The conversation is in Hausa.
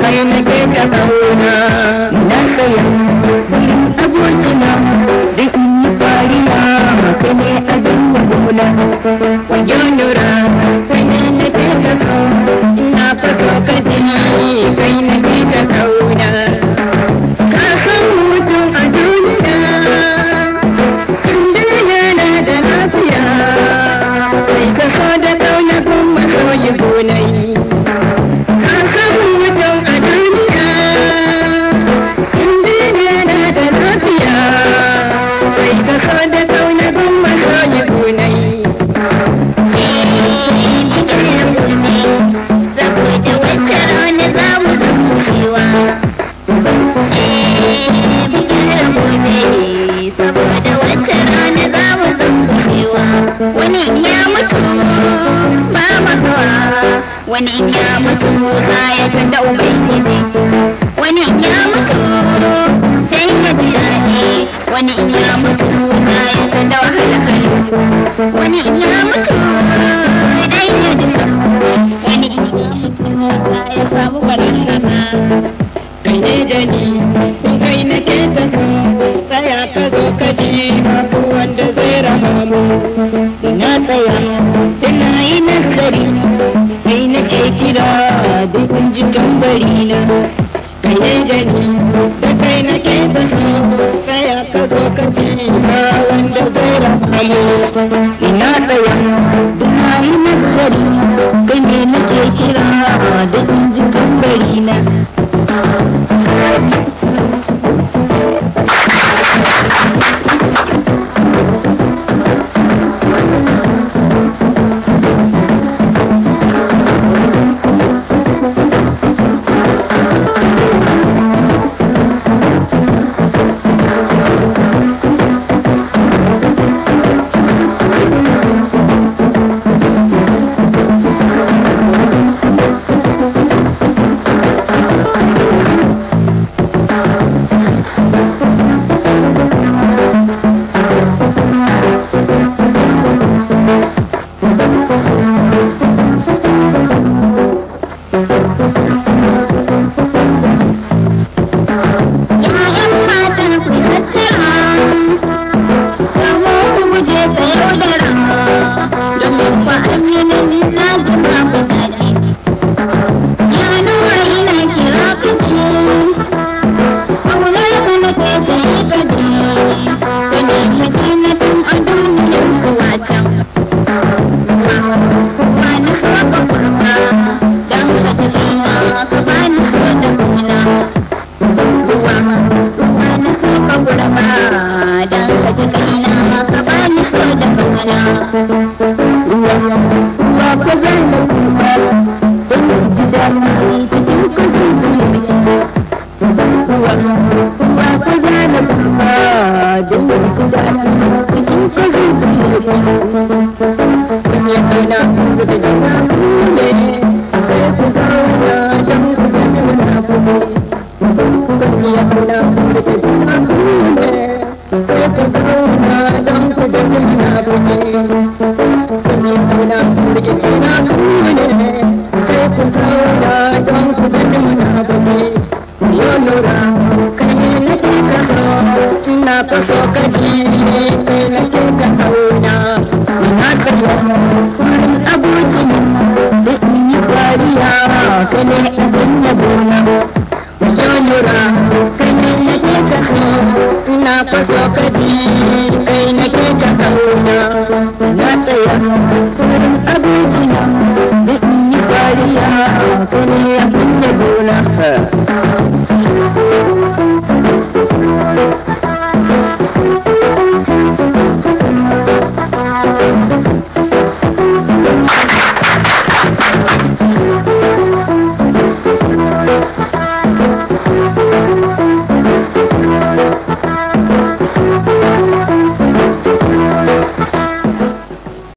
kai na kai ta kauna na saya wurin abokina da in yi fariya kai ne abin yabona wani in ya mutu ba makawa wani ya mutu za ya ta da ubangiji wani in ya mutu sai ya ji wani in ya Thank you. Gracias.